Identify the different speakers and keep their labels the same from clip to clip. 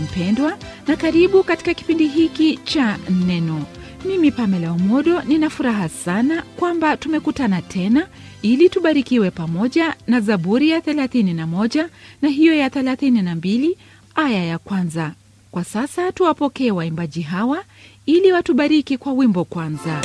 Speaker 1: msikilizaji mpendwa, na karibu katika kipindi hiki cha Neno. Mimi Pamela Umodo nina furaha sana kwamba tumekutana tena ili tubarikiwe pamoja na Zaburi ya 31 na hiyo ya 32 aya ya kwanza. Kwa sasa tuwapokee waimbaji hawa ili watubariki kwa wimbo kwanza.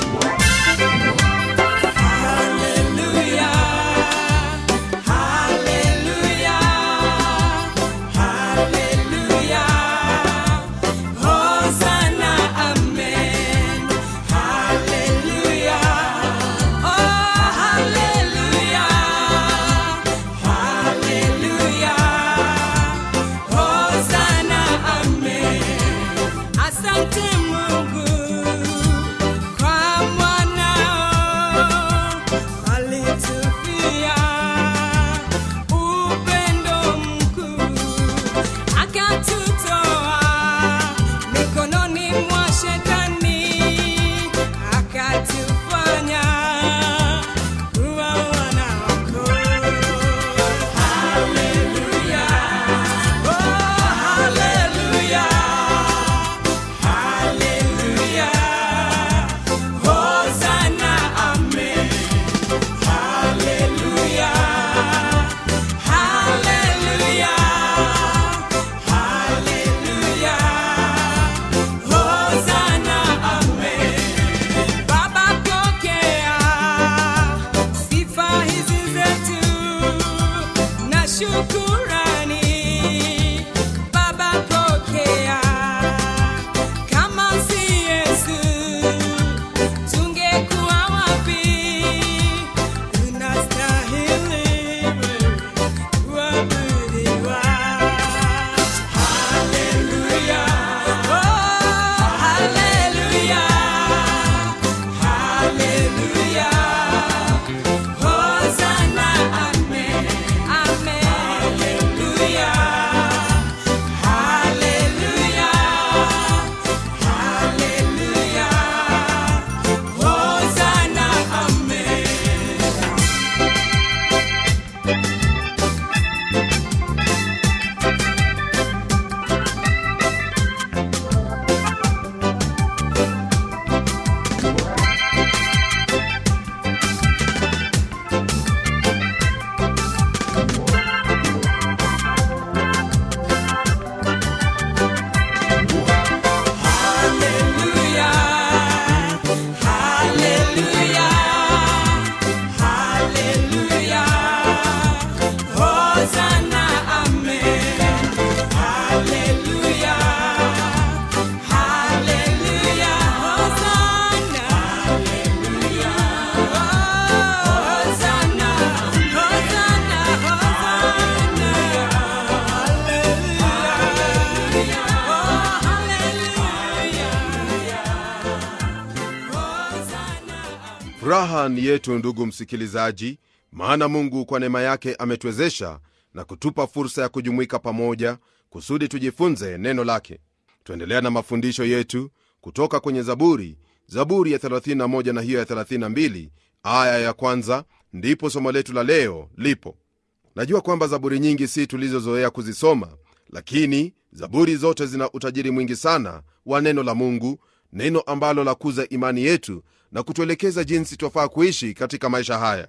Speaker 2: Furaha ni yetu, ndugu msikilizaji, maana Mungu kwa neema yake ametuwezesha na kutupa fursa ya kujumuika pamoja kusudi tujifunze neno lake. Tuendelea na mafundisho yetu kutoka kwenye Zaburi, Zaburi ya 31 na hiyo ya 32 aya ya kwanza, ndipo somo letu la leo lipo. Najua kwamba zaburi nyingi si tulizozoea kuzisoma, lakini zaburi zote zina utajiri mwingi sana wa neno la Mungu, neno ambalo la kuza imani yetu na kutuelekeza jinsi twafaa kuishi katika maisha haya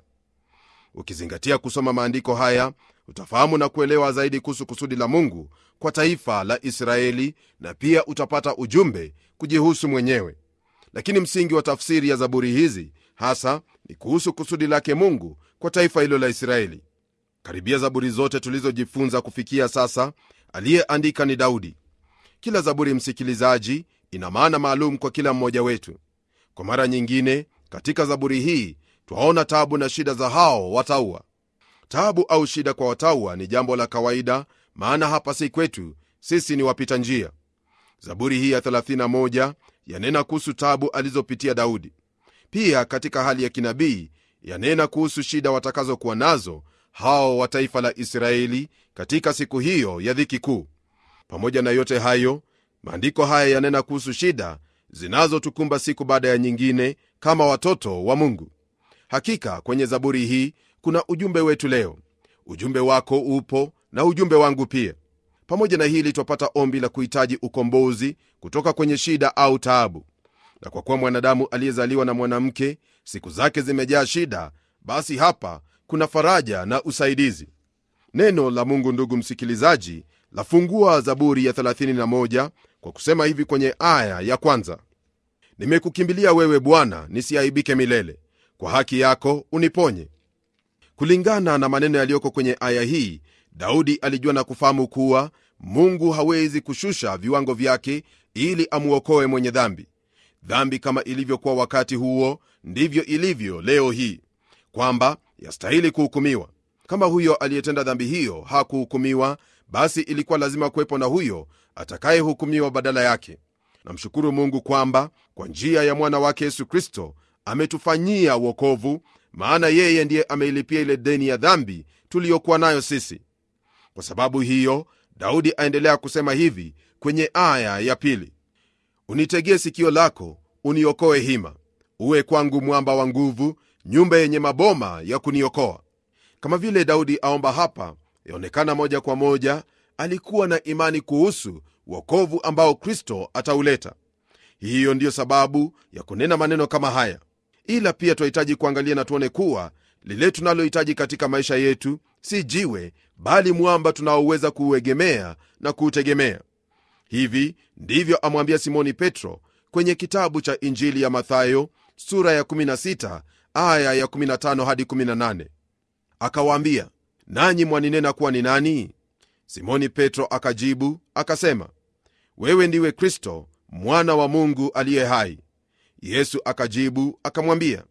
Speaker 2: ukizingatia kusoma maandiko haya utafahamu na kuelewa zaidi kuhusu kusudi la mungu kwa taifa la israeli na pia utapata ujumbe kujihusu mwenyewe lakini msingi wa tafsiri ya zaburi hizi hasa ni kuhusu kusudi lake mungu kwa taifa hilo la israeli karibia zaburi zote tulizojifunza kufikia sasa aliyeandika ni daudi kila zaburi msikilizaji ina maana maalum kwa kila mmoja wetu kwa mara nyingine katika Zaburi hii twaona tabu na shida za hao watauwa. Tabu au shida kwa watauwa ni jambo la kawaida, maana hapa si kwetu, sisi ni wapita njia. Zaburi hii ya 31 yanena kuhusu tabu alizopitia Daudi. Pia katika hali ya kinabii yanena kuhusu shida watakazokuwa nazo hao wa taifa la Israeli katika siku hiyo ya dhiki kuu. Pamoja na yote hayo, maandiko haya yanena kuhusu shida zinazotukumba siku baada ya nyingine kama watoto wa mungu hakika kwenye zaburi hii kuna ujumbe wetu leo ujumbe wako upo na ujumbe wangu pia pamoja na hili twapata ombi la kuhitaji ukombozi kutoka kwenye shida au taabu na kwa kuwa mwanadamu aliyezaliwa na mwanamke siku zake zimejaa shida basi hapa kuna faraja na usaidizi neno la mungu ndugu msikilizaji lafungua zaburi ya kwa kusema hivi kwenye aya ya kwanza: nimekukimbilia wewe Bwana, nisiaibike milele, kwa haki yako uniponye. Kulingana na maneno yaliyoko kwenye aya hii, Daudi alijua na kufahamu kuwa Mungu hawezi kushusha viwango vyake ili amwokoe mwenye dhambi. Dhambi kama ilivyokuwa wakati huo, ndivyo ilivyo leo hii, kwamba yastahili kuhukumiwa. Kama huyo aliyetenda dhambi hiyo hakuhukumiwa, basi ilikuwa lazima kuwepo na huyo atakayehukumiwa badala yake. Namshukuru Mungu kwamba kwa njia ya mwana wake Yesu Kristo ametufanyia uokovu maana yeye ndiye ameilipia ile deni ya dhambi tuliyokuwa nayo sisi. Kwa sababu hiyo, Daudi aendelea kusema hivi kwenye aya ya pili: unitegee sikio lako, uniokoe hima, uwe kwangu mwamba wa nguvu, nyumba yenye maboma ya kuniokoa. Kama vile Daudi aomba hapa, yaonekana moja kwa moja alikuwa na imani kuhusu wokovu ambao kristo atauleta hiyo ndiyo sababu ya kunena maneno kama haya ila pia twahitaji kuangalia na tuone kuwa lile tunalohitaji katika maisha yetu si jiwe bali mwamba tunaoweza kuuegemea na kuutegemea hivi ndivyo amwambia simoni petro kwenye kitabu cha injili ya mathayo sura ya 16 aya ya 15 hadi 18 akawaambia nanyi mwaninena kuwa ni nani simoni petro akajibu akasema wewe ndiwe kristo mwana wa mungu aliye hai yesu akajibu akamwambia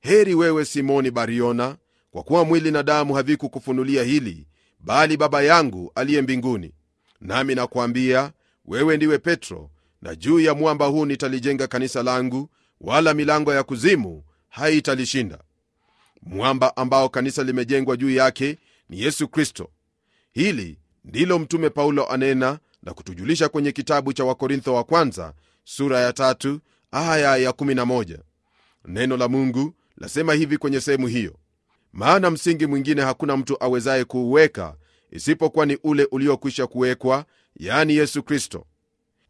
Speaker 2: heri wewe simoni bariona kwa kuwa mwili na damu havikukufunulia hili bali baba yangu aliye mbinguni nami nakwambia wewe ndiwe petro na juu ya mwamba huu nitalijenga kanisa langu wala milango ya kuzimu haitalishinda mwamba ambao kanisa limejengwa juu yake ni yesu kristo hili ndilo Mtume Paulo anena na kutujulisha kwenye kitabu cha Wakorintho wa kwanza sura ya tatu ya 11. Neno la Mungu lasema hivi kwenye sehemu hiyo: maana msingi mwingine hakuna mtu awezaye kuuweka isipokuwa ni ule uliokwisha kuwekwa, yani Yesu Kristo.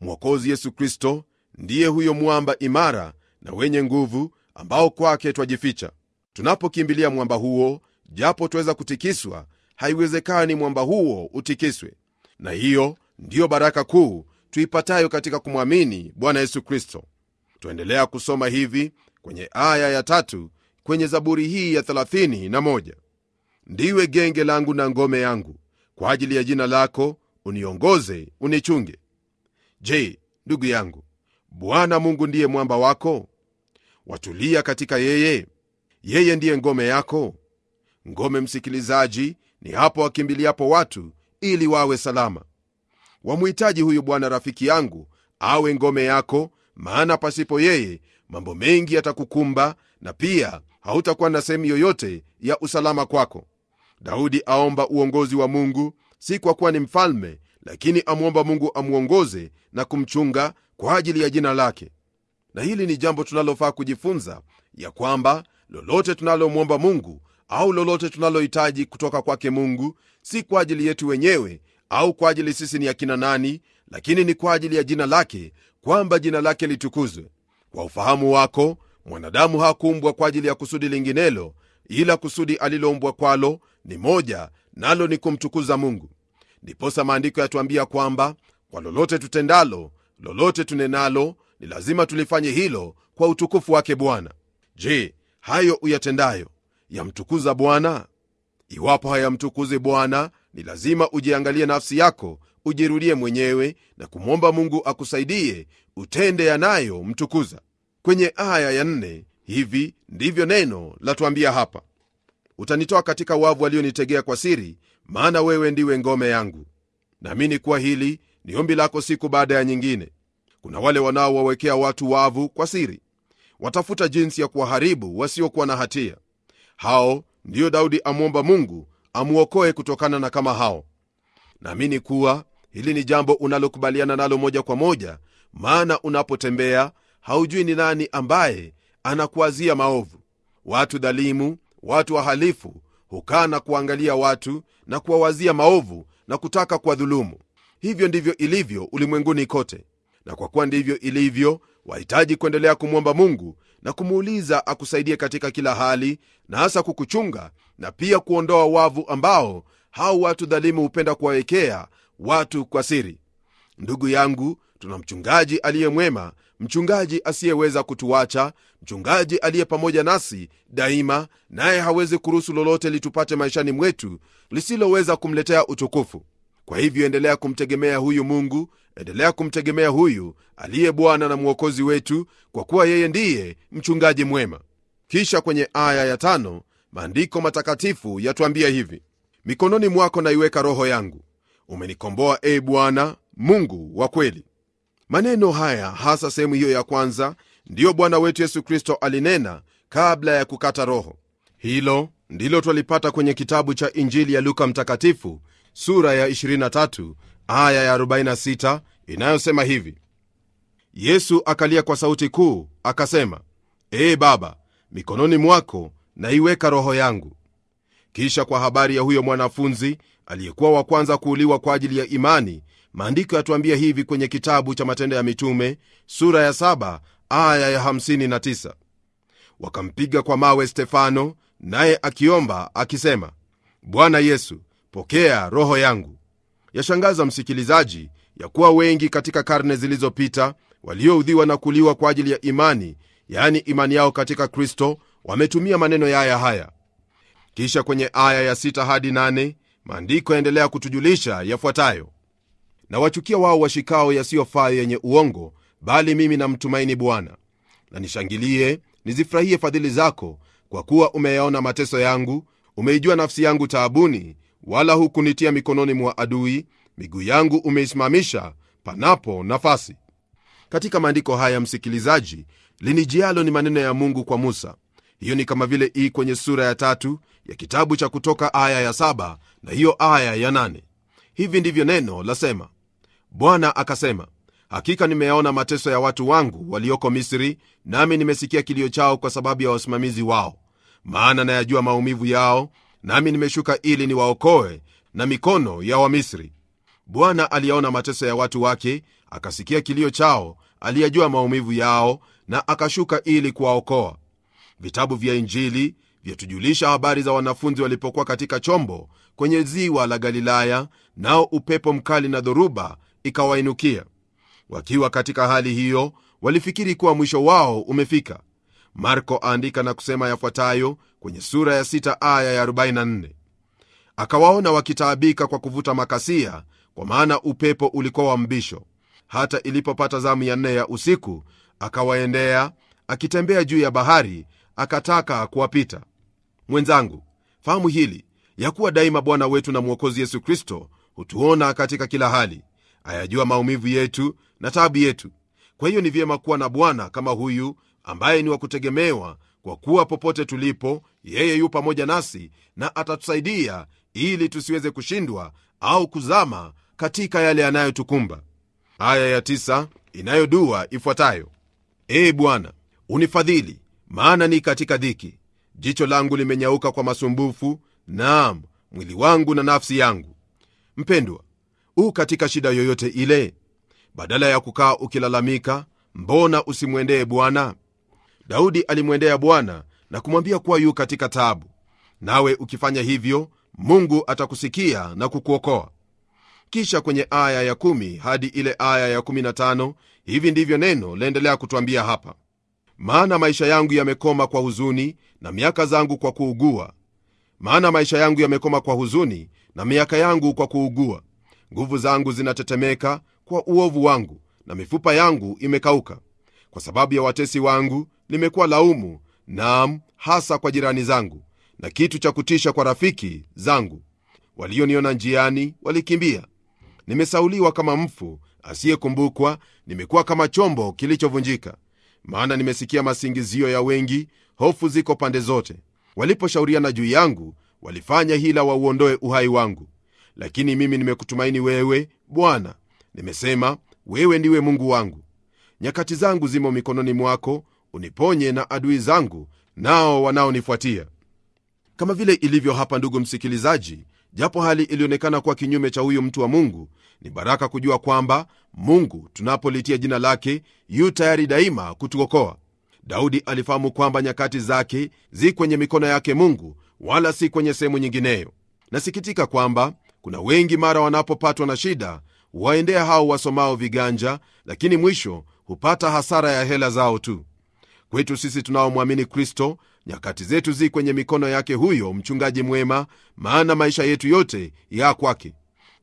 Speaker 2: Mwokozi Yesu Kristo ndiye huyo mwamba imara na wenye nguvu ambao kwake twajificha. Tunapokimbilia mwamba huo, japo twaweza kutikiswa, haiwezekani mwamba huo utikiswe na hiyo ndiyo baraka kuu tuipatayo katika kumwamini bwana yesu kristo twaendelea kusoma hivi kwenye aya ya tatu kwenye zaburi hii ya 31 ndiwe genge langu na ngome yangu kwa ajili ya jina lako uniongoze unichunge je ndugu yangu bwana mungu ndiye mwamba wako watulia katika yeye yeye ndiye ngome yako ngome msikilizaji ni hapo wakimbiliapo watu ili wawe salama. Wamhitaji huyu Bwana rafiki yangu awe ngome yako, maana pasipo yeye mambo mengi yatakukumba, na pia hautakuwa na sehemu yoyote ya usalama kwako. Daudi aomba uongozi wa Mungu, si kwa kuwa ni mfalme, lakini amwomba Mungu amwongoze na kumchunga kwa ajili ya jina lake. Na hili ni jambo tunalofaa kujifunza, ya kwamba lolote tunalomwomba Mungu au lolote tunalohitaji kutoka kwake mungu si kwa ajili yetu wenyewe au kwa ajili sisi ni akina nani lakini ni kwa ajili ya jina lake kwamba jina lake litukuzwe kwa ufahamu wako mwanadamu hakuumbwa kwa ajili ya kusudi linginelo ila kusudi aliloumbwa kwalo ni moja nalo ni kumtukuza mungu ndiposa maandiko yatuambia kwamba kwa lolote tutendalo lolote tunenalo ni lazima tulifanye hilo kwa utukufu wake bwana je hayo uyatendayo yamtukuza Bwana? Iwapo hayamtukuzi Bwana, ni lazima ujiangalie nafsi yako, ujirudie mwenyewe na kumwomba Mungu akusaidie utende mtukuza Kwenye aya ya nne, hivi ndivyo neno latuambia hapa: utanitoa katika wavu walionitegea kwa siri, maana wewe ndiwe ngome yangu. Naamini kuwa hili ni ombi lako siku baada ya nyingine. Kuna wale wanaowawekea watu wavu kwa siri, watafuta jinsi ya kuwaharibu wasiokuwa na hatia hao ndiyo daudi amwomba mungu amuokoe kutokana na kama hao naamini kuwa hili ni jambo unalokubaliana nalo moja kwa moja maana unapotembea haujui ni nani ambaye anakuazia maovu watu dhalimu watu wahalifu hukaa na kuangalia watu na kuwawazia maovu na kutaka kuwadhulumu hivyo ndivyo ilivyo ulimwenguni kote na kwa kuwa ndivyo ilivyo wahitaji kuendelea kumwomba mungu na kumuuliza akusaidie katika kila hali na hasa kukuchunga na pia kuondoa wavu ambao hao watu dhalimu hupenda kuwawekea watu kwa siri ndugu yangu tuna mchungaji aliye mwema mchungaji asiyeweza kutuacha mchungaji aliye pamoja nasi daima naye hawezi kuruhusu lolote litupate maishani mwetu lisiloweza kumletea utukufu kwa hivyo endelea kumtegemea huyu mungu endelea kumtegemea huyu aliye bwana na mwokozi wetu kwa kuwa yeye ndiye mchungaji mwema kisha kwenye aya ya tano maandiko matakatifu yatuambia hivi mikononi mwako naiweka roho yangu umenikomboa e bwana mungu wa kweli maneno haya hasa sehemu hiyo ya kwanza ndiyo bwana wetu yesu kristo alinena kabla ya kukata roho hilo ndilo twalipata kwenye kitabu cha injili ya luka mtakatifu sura ya 23 aya ya 46 inayosema hivi yesu akalia kwa sauti kuu akasema ee baba mikononi mwako naiweka roho yangu kisha kwa habari ya huyo mwanafunzi aliyekuwa wa kwanza kuuliwa kwa ajili ya imani maandiko yatuambia hivi kwenye kitabu cha matendo ya mitume sura ya 7 aya ya 59 wakampiga kwa mawe stefano naye akiomba akisema bwana yesu pokea roho yangu. Yashangaza msikilizaji, ya kuwa wengi katika karne zilizopita walioudhiwa na kuliwa kwa ajili ya imani, yaani imani yao katika Kristo, wametumia maneno yaya haya. Kisha kwenye aya ya sita hadi nane maandiko yaendelea kutujulisha yafuatayo: na wachukia wao washikao yasiyofaa yenye uongo, bali mimi namtumaini Bwana. Na nishangilie nizifurahie fadhili zako, kwa kuwa umeyaona mateso yangu, umeijua nafsi yangu taabuni, wala hukunitia mikononi mwa adui, miguu yangu umeisimamisha panapo nafasi. Katika maandiko haya, msikilizaji, linijialo ni maneno ya Mungu kwa Musa. Hiyo ni kama vile i kwenye sura ya tatu ya kitabu cha Kutoka aya ya saba na hiyo aya ya nane. Hivi ndivyo neno lasema: Bwana akasema, hakika nimeyaona mateso ya watu wangu walioko Misri, nami nimesikia kilio chao kwa sababu ya wasimamizi wao, maana nayajua maumivu yao, nami nimeshuka ili niwaokoe na mikono ya Wamisri. Bwana aliyaona mateso ya watu wake, akasikia kilio chao, aliyajua maumivu yao, na akashuka ili kuwaokoa. Vitabu vya Injili vyatujulisha habari za wanafunzi walipokuwa katika chombo kwenye ziwa la Galilaya, nao upepo mkali na dhoruba ikawainukia. Wakiwa katika hali hiyo, walifikiri kuwa mwisho wao umefika. Marko aandika na kusema yafuatayo kwenye sura ya sita aya ya 44. Akawaona wakitaabika kwa kuvuta makasia, kwa maana upepo ulikuwa wa mbisho. Hata ilipopata zamu ya nne ya usiku, akawaendea akitembea juu ya bahari, akataka kuwapita. Mwenzangu, fahamu hili ya kuwa daima Bwana wetu na Mwokozi Yesu Kristo hutuona katika kila hali, ayajua maumivu yetu na tabu yetu. Kwa hiyo ni vyema kuwa na Bwana kama huyu ambaye ni wa kutegemewa kwa kuwa popote tulipo yeye yu pamoja nasi na atatusaidia ili tusiweze kushindwa au kuzama katika yale yanayotukumba. Aya ya tisa inayodua ifuatayo: e Bwana, unifadhili, maana ni katika dhiki. Jicho langu limenyauka kwa masumbufu, nam mwili wangu na nafsi yangu. Mpendwa, u katika shida yoyote ile, badala ya kukaa ukilalamika, mbona usimwendee Bwana? daudi alimwendea bwana na kumwambia kuwa yu katika taabu nawe ukifanya hivyo mungu atakusikia na kukuokoa kisha kwenye aya ya 1 hadi ile aya ya 15 hivi ndivyo neno laendelea kutwambia hapa maana maisha yangu yamekoma kwa huzuni na miaka zangu kwa kuugua maana maisha yangu yamekoma kwa huzuni na miaka yangu kwa kuugua nguvu zangu zinatetemeka kwa uovu wangu na mifupa yangu imekauka kwa sababu ya watesi wangu nimekuwa laumu, nam hasa kwa jirani zangu, na kitu cha kutisha kwa rafiki zangu. Walioniona njiani walikimbia. Nimesauliwa kama mfu asiyekumbukwa, nimekuwa kama chombo kilichovunjika. Maana nimesikia masingizio ya wengi, hofu ziko pande zote. Waliposhauriana juu yangu, walifanya hila wauondoe uhai wangu, lakini mimi nimekutumaini wewe, Bwana. Nimesema wewe ndiwe Mungu wangu. Nyakati zangu zimo mikononi mwako, uniponye na adui zangu nao wanaonifuatia. Kama vile ilivyo hapa, ndugu msikilizaji, japo hali ilionekana kuwa kinyume cha huyu mtu wa Mungu, ni baraka kujua kwamba Mungu tunapolitia jina lake yu tayari daima kutuokoa. Daudi alifahamu kwamba nyakati zake zi kwenye mikono yake Mungu, wala si kwenye sehemu nyingineyo. Nasikitika kwamba kuna wengi mara wanapopatwa na shida waendea hao wasomao viganja, lakini mwisho hupata hasara ya hela zao tu. Kwetu sisi tunaomwamini Kristo, nyakati zetu zi kwenye mikono yake huyo mchungaji mwema, maana maisha yetu yote ya kwake.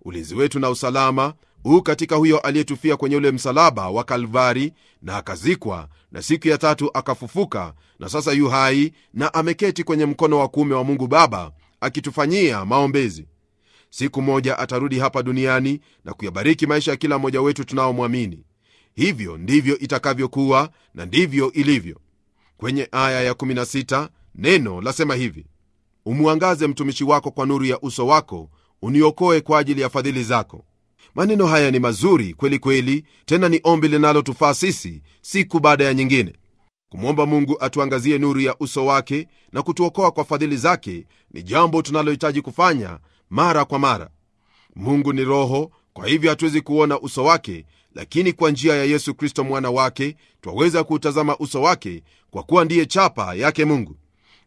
Speaker 2: Ulinzi wetu na usalama huu katika huyo aliyetufia kwenye ule msalaba wa Kalvari, na akazikwa, na siku ya tatu akafufuka, na sasa yu hai na ameketi kwenye mkono wa kuume wa Mungu Baba akitufanyia maombezi. Siku moja atarudi hapa duniani na kuyabariki maisha ya kila mmoja wetu tunaomwamini hivyo ndivyo itakavyokuwa na ndivyo ilivyo kwenye aya ya 16 neno lasema hivi umwangaze mtumishi wako kwa nuru ya uso wako uniokoe kwa ajili ya fadhili zako maneno haya ni mazuri kweli kweli tena ni ombi linalotufaa sisi siku baada ya nyingine kumwomba mungu atuangazie nuru ya uso wake na kutuokoa kwa fadhili zake ni jambo tunalohitaji kufanya mara kwa mara mungu ni roho kwa hivyo hatuwezi kuona uso wake lakini kwa njia ya Yesu Kristo mwana wake twaweza kuutazama uso wake, kwa kuwa ndiye chapa yake Mungu.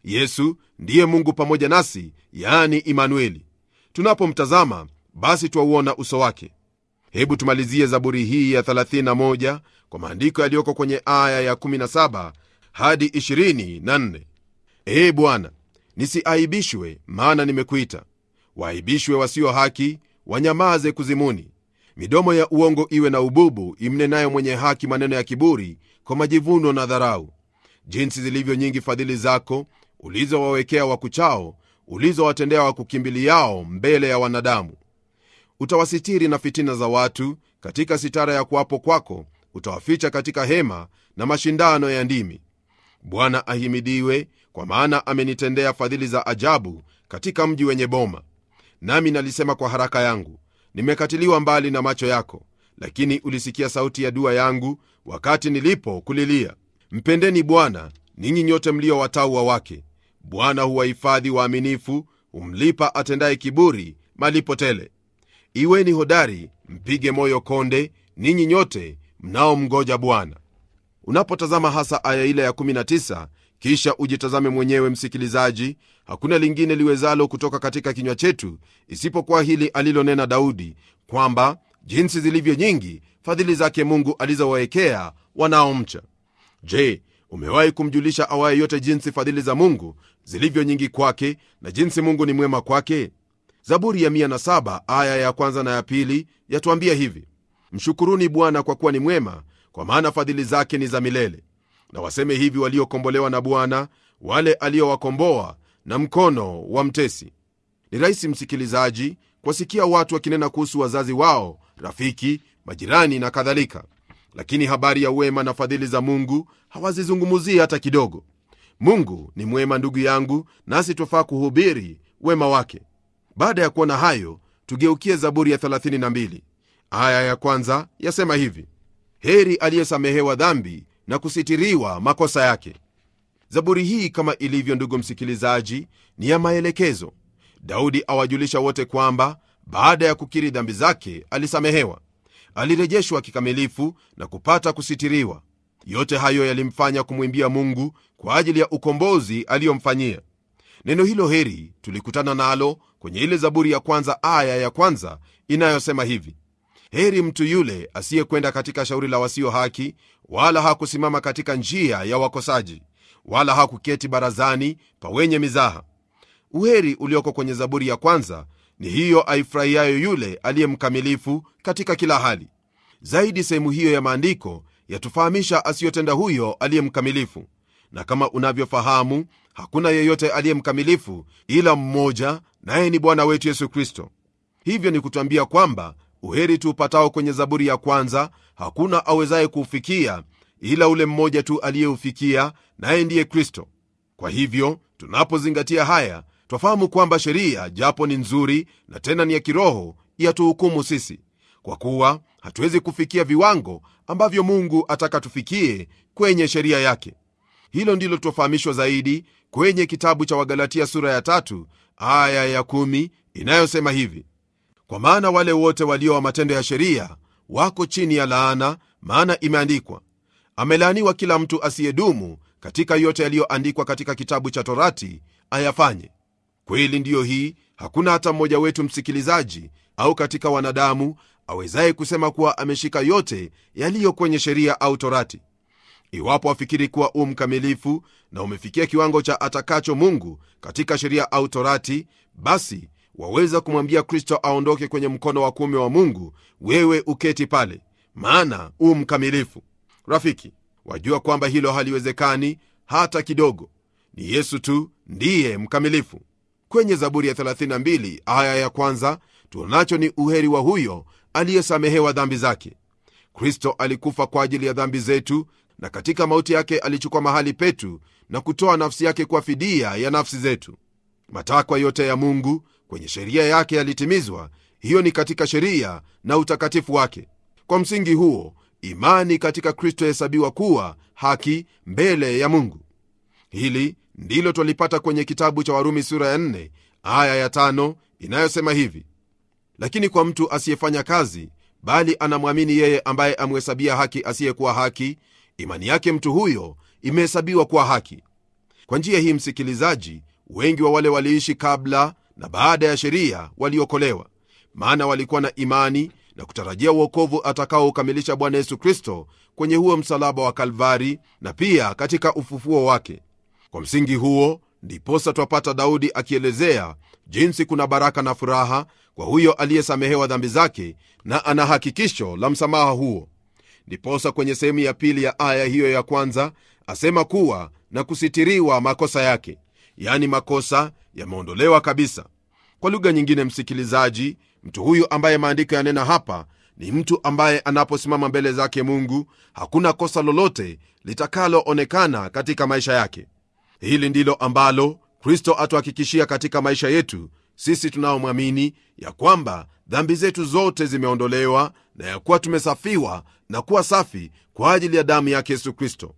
Speaker 2: Yesu ndiye Mungu pamoja nasi, yaani Imanueli. Tunapomtazama basi twauona uso wake. Hebu tumalizie Zaburi hii ya 31 kwa maandiko yaliyoko kwenye aya ya 17 hadi 24. Ee Bwana, nisiaibishwe, maana nimekuita; waaibishwe wasio haki wanyamaze kuzimuni, midomo ya uongo iwe na ububu, imnenayo mwenye haki maneno ya kiburi kwa majivuno na dharau. Jinsi zilivyo nyingi fadhili zako ulizowawekea wakuchao, ulizowatendea wakukimbiliao mbele ya wanadamu. Utawasitiri na fitina za watu, katika sitara ya kuwapo kwako utawaficha katika hema na mashindano ya ndimi. Bwana ahimidiwe, kwa maana amenitendea fadhili za ajabu katika mji wenye boma. Nami nalisema kwa haraka yangu, nimekatiliwa mbali na macho yako, lakini ulisikia sauti ya dua yangu wakati nilipo kulilia. Mpendeni Bwana ninyi nyote mlio watauwa wake. Bwana huwahifadhi waaminifu, humlipa atendaye kiburi malipo tele. Iweni hodari, mpige moyo konde, ninyi nyote mnaomngoja Bwana unapotazama hasa aya ile ya 19 kisha ujitazame mwenyewe msikilizaji hakuna lingine liwezalo kutoka katika kinywa chetu isipokuwa hili alilonena daudi kwamba jinsi zilivyo nyingi fadhili zake mungu alizowaekea wanaomcha je umewahi kumjulisha awaye yote jinsi fadhili za mungu zilivyo nyingi kwake na jinsi mungu ni mwema kwake zaburi ya 7 aya ya kwanza na ya pili yatuambia hivi mshukuruni bwana kwa kuwa ni mwema kwa maana fadhili zake ni za milele. Na waseme hivi waliokombolewa na Bwana, wale aliowakomboa na mkono wa mtesi. Ni rahisi msikilizaji kuwasikia watu wakinena kuhusu wazazi wao, rafiki, majirani na kadhalika, lakini habari ya wema na fadhili za Mungu hawazizungumuzii hata kidogo. Mungu ni mwema, ndugu yangu, nasi twafaa kuhubiri wema wake. Baada ya kuona hayo, tugeukie Zaburi ya 32 aya ya kwanza, yasema hivi: heri aliyesamehewa dhambi na kusitiriwa makosa yake zaburi hii kama ilivyo ndugu msikilizaji ni ya maelekezo daudi awajulisha wote kwamba baada ya kukiri dhambi zake alisamehewa alirejeshwa kikamilifu na kupata kusitiriwa yote hayo yalimfanya kumwimbia mungu kwa ajili ya ukombozi aliyomfanyia neno hilo heri tulikutana nalo kwenye ile zaburi ya kwanza aya ya kwanza inayosema hivi heri mtu yule asiyekwenda katika shauri la wasio haki wala hakusimama katika njia ya wakosaji wala hakuketi barazani pa wenye mizaha uheri ulioko kwenye zaburi ya kwanza ni hiyo aifurahiyayo yule aliye mkamilifu katika kila hali zaidi sehemu hiyo ya maandiko yatufahamisha asiyotenda huyo aliye mkamilifu na kama unavyofahamu hakuna yeyote aliye mkamilifu ila mmoja naye ni bwana wetu yesu kristo hivyo ni kutwambia kwamba uheri tuupatao kwenye zaburi ya kwanza hakuna awezaye kuufikia ila ule mmoja tu aliyeufikia naye ndiye kristo kwa hivyo tunapozingatia haya twafahamu kwamba sheria japo ni nzuri na tena ni ya kiroho yatuhukumu sisi kwa kuwa hatuwezi kufikia viwango ambavyo mungu ataka tufikie kwenye sheria yake hilo ndilo twafahamishwa zaidi kwenye kitabu cha wagalatia sura ya tatu aya ya kumi inayosema hivi kwa maana wale wote walio wa matendo ya sheria wako chini ya laana, maana imeandikwa, amelaaniwa kila mtu asiyedumu katika yote yaliyoandikwa katika kitabu cha Torati ayafanye. Kweli ndiyo hii, hakuna hata mmoja wetu msikilizaji au katika wanadamu awezaye kusema kuwa ameshika yote yaliyo kwenye sheria au Torati, iwapo afikiri kuwa u mkamilifu na umefikia kiwango cha atakacho Mungu katika sheria au Torati, basi waweza kumwambia kristo aondoke kwenye mkono wa kuume wa mungu wewe uketi pale maana u mkamilifu rafiki wajua kwamba hilo haliwezekani hata kidogo ni yesu tu ndiye mkamilifu kwenye zaburi ya 32 aya ya kwanza tuonacho ni uheri wa huyo aliyesamehewa dhambi zake kristo alikufa kwa ajili ya dhambi zetu na katika mauti yake alichukua mahali petu na kutoa nafsi yake kwa fidia ya nafsi zetu matakwa yote ya mungu kwenye sheria yake yalitimizwa. Hiyo ni katika sheria na utakatifu wake. Kwa msingi huo, imani katika Kristo yahesabiwa kuwa haki mbele ya Mungu. Hili ndilo twalipata kwenye kitabu cha Warumi sura ya 4 aya ya 5 inayosema hivi: lakini kwa mtu asiyefanya kazi, bali anamwamini yeye ambaye amhesabia haki asiyekuwa haki, imani yake mtu huyo imehesabiwa kuwa haki. Kwa njia hii, msikilizaji, wengi wa wale waliishi kabla na baada ya sheria waliokolewa, maana walikuwa na imani na kutarajia uokovu atakaoukamilisha Bwana Yesu Kristo kwenye huo msalaba wa Kalvari na pia katika ufufuo wake. Kwa msingi huo ndiposa twapata Daudi akielezea jinsi kuna baraka na furaha kwa huyo aliyesamehewa dhambi zake na ana hakikisho la msamaha huo. Ndiposa kwenye sehemu ya pili ya aya hiyo ya kwanza asema kuwa na kusitiriwa makosa yake, yani makosa yameondolewa kabisa. Kwa lugha nyingine, msikilizaji, mtu huyu ambaye maandiko yanena hapa ni mtu ambaye anaposimama mbele zake Mungu hakuna kosa lolote litakaloonekana katika maisha yake. Hili ndilo ambalo Kristo atuhakikishia katika maisha yetu sisi tunaomwamini, ya kwamba dhambi zetu zote zimeondolewa na ya kuwa tumesafiwa na kuwa safi kwa ajili ya damu yake Yesu Kristo.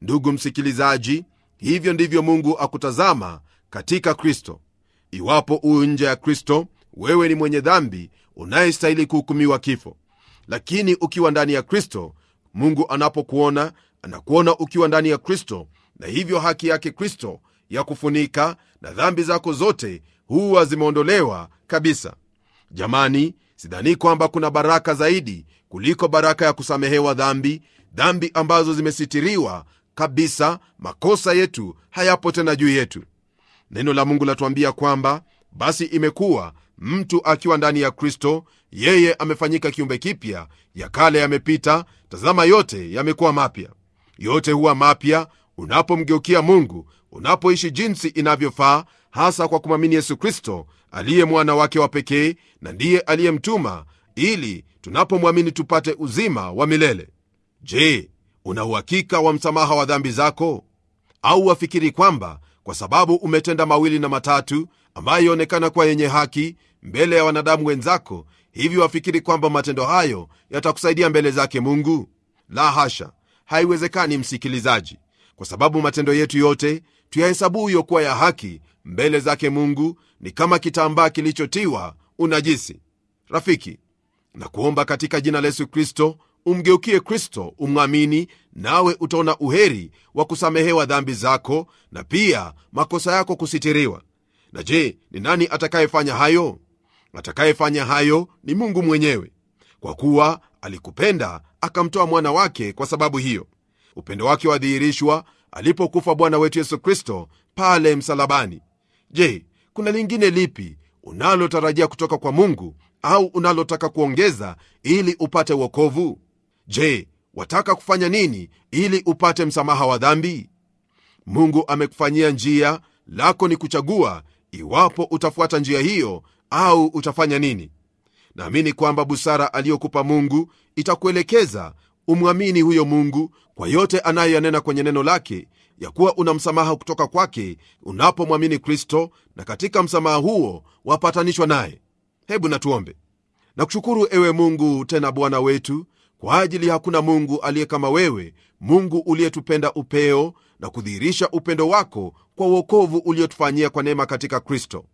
Speaker 2: Ndugu msikilizaji, hivyo ndivyo Mungu akutazama katika Kristo iwapo huyu nje ya Kristo wewe ni mwenye dhambi unayestahili kuhukumiwa kifo. Lakini ukiwa ndani ya Kristo, Mungu anapokuona anakuona ukiwa ndani ya Kristo, na hivyo haki yake Kristo ya kufunika na dhambi zako zote huwa zimeondolewa kabisa. Jamani, sidhani kwamba kuna baraka zaidi kuliko baraka ya kusamehewa dhambi, dhambi ambazo zimesitiriwa kabisa. Makosa yetu hayapo tena juu yetu. Neno la Mungu latuambia kwamba basi imekuwa mtu akiwa ndani ya Kristo, yeye amefanyika kiumbe kipya, ya kale yamepita, tazama, yote yamekuwa mapya. Yote huwa mapya unapomgeukia Mungu, unapoishi jinsi inavyofaa, hasa kwa kumwamini Yesu Kristo aliye mwana wake wa pekee na ndiye aliyemtuma, ili tunapomwamini tupate uzima wa milele. Je, una uhakika wa msamaha wa dhambi zako, au wafikiri kwamba kwa sababu umetenda mawili na matatu ambayo yaonekana kuwa yenye haki mbele ya wanadamu wenzako hivyo wafikiri kwamba matendo hayo yatakusaidia mbele zake mungu la hasha haiwezekani msikilizaji kwa sababu matendo yetu yote tuyahesabuyo kuwa ya haki mbele zake mungu ni kama kitambaa kilichotiwa unajisi rafiki na kuomba katika jina la yesu kristo umgeukie kristo umwamini nawe utaona uheri wa kusamehewa dhambi zako na pia makosa yako kusitiriwa na je ni nani atakayefanya hayo atakayefanya hayo ni mungu mwenyewe kwa kuwa alikupenda akamtoa mwana wake kwa sababu hiyo upendo wake wadhihirishwa alipokufa bwana wetu yesu kristo pale msalabani je kuna lingine lipi unalotarajia kutoka kwa mungu au unalotaka kuongeza ili upate wokovu je wataka kufanya nini ili upate msamaha wa dhambi? Mungu amekufanyia njia, lako ni kuchagua iwapo utafuata njia hiyo au utafanya nini. Naamini kwamba busara aliyokupa Mungu itakuelekeza umwamini huyo Mungu kwa yote anayoyanena kwenye neno lake, ya kuwa una msamaha kutoka kwake unapomwamini Kristo, na katika msamaha huo wapatanishwa naye. Hebu natuombe. Nakushukuru ewe Mungu tena Bwana wetu kwa ajili hakuna Mungu aliye kama wewe, Mungu uliyetupenda upeo na kudhihirisha upendo wako kwa uokovu uliotufanyia kwa neema katika Kristo.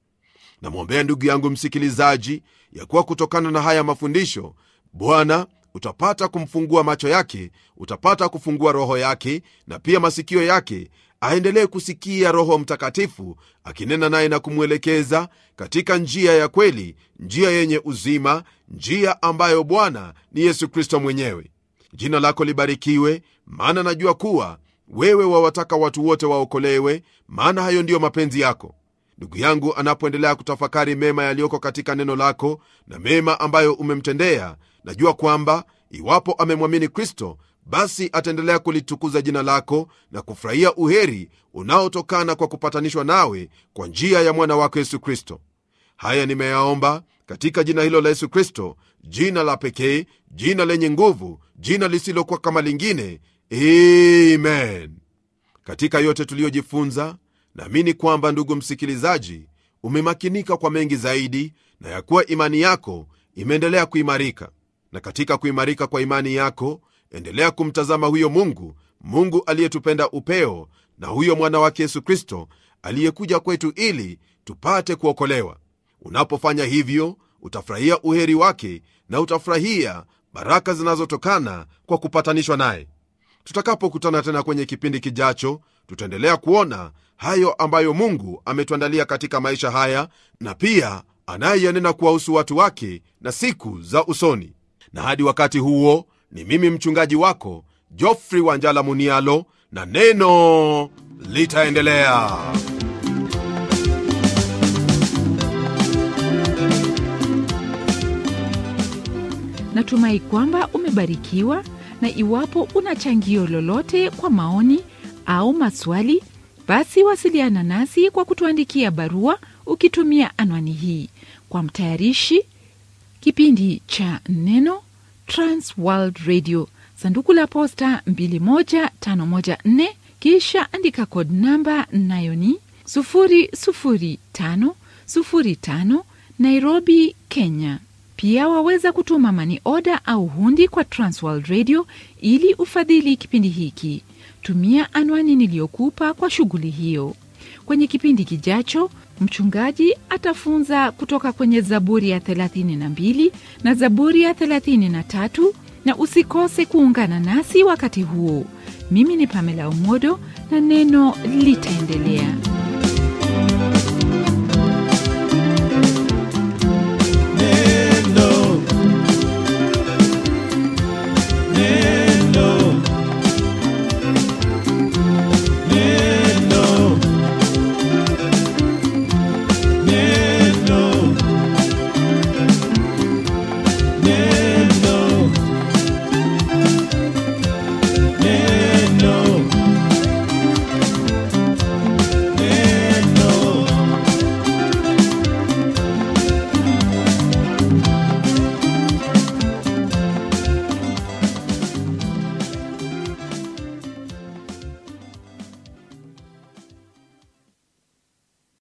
Speaker 2: Namwombea ndugu yangu msikilizaji, ya kuwa kutokana na haya mafundisho, Bwana utapata kumfungua macho yake, utapata kufungua roho yake na pia masikio yake, aendelee kusikia Roho Mtakatifu akinena naye na kumwelekeza katika njia ya kweli, njia yenye uzima, njia ambayo Bwana ni Yesu Kristo mwenyewe. Jina lako libarikiwe, maana najua kuwa wewe wawataka watu wote waokolewe, maana hayo ndiyo mapenzi yako. Ndugu yangu anapoendelea kutafakari mema yaliyoko katika neno lako na mema ambayo umemtendea, najua kwamba iwapo amemwamini Kristo basi ataendelea kulitukuza jina lako na kufurahia uheri unaotokana kwa kupatanishwa nawe kwa njia ya mwana wako Yesu Kristo. Haya nimeyaomba katika jina hilo la Yesu Kristo, jina la pekee, jina lenye nguvu, jina lisilokuwa kama lingine. Amen. Katika yote tuliyojifunza, naamini kwamba ndugu msikilizaji, umemakinika kwa mengi zaidi, na ya kuwa imani yako imeendelea kuimarika, na katika kuimarika kwa imani yako endelea kumtazama huyo Mungu, Mungu aliyetupenda upeo, na huyo mwana wake Yesu Kristo aliyekuja kwetu ili tupate kuokolewa. Unapofanya hivyo, utafurahia uheri wake na utafurahia baraka zinazotokana kwa kupatanishwa naye. Tutakapokutana tena kwenye kipindi kijacho, tutaendelea kuona hayo ambayo Mungu ametuandalia katika maisha haya na pia anayeyanena kuwahusu watu wake na siku za usoni. Na hadi wakati huo ni mimi mchungaji wako Geoffrey Wanjala Munialo, na neno litaendelea.
Speaker 1: Natumai kwamba umebarikiwa, na iwapo una changio lolote kwa maoni au maswali, basi wasiliana nasi kwa kutuandikia barua ukitumia anwani hii. Kwa mtayarishi kipindi cha Neno, Trans World Radio, sanduku la posta 21514, kisha andika code namba, nayo ni 55 Nairobi, Kenya. Pia waweza kutuma mani oda au hundi kwa Transworld Radio ili ufadhili kipindi hiki. Tumia anwani niliyokupa kwa shughuli hiyo. Kwenye kipindi kijacho Mchungaji atafunza kutoka kwenye Zaburi ya 32 na Zaburi ya 33 na usikose kuungana nasi wakati huo. Mimi ni Pamela Omodo na neno litaendelea.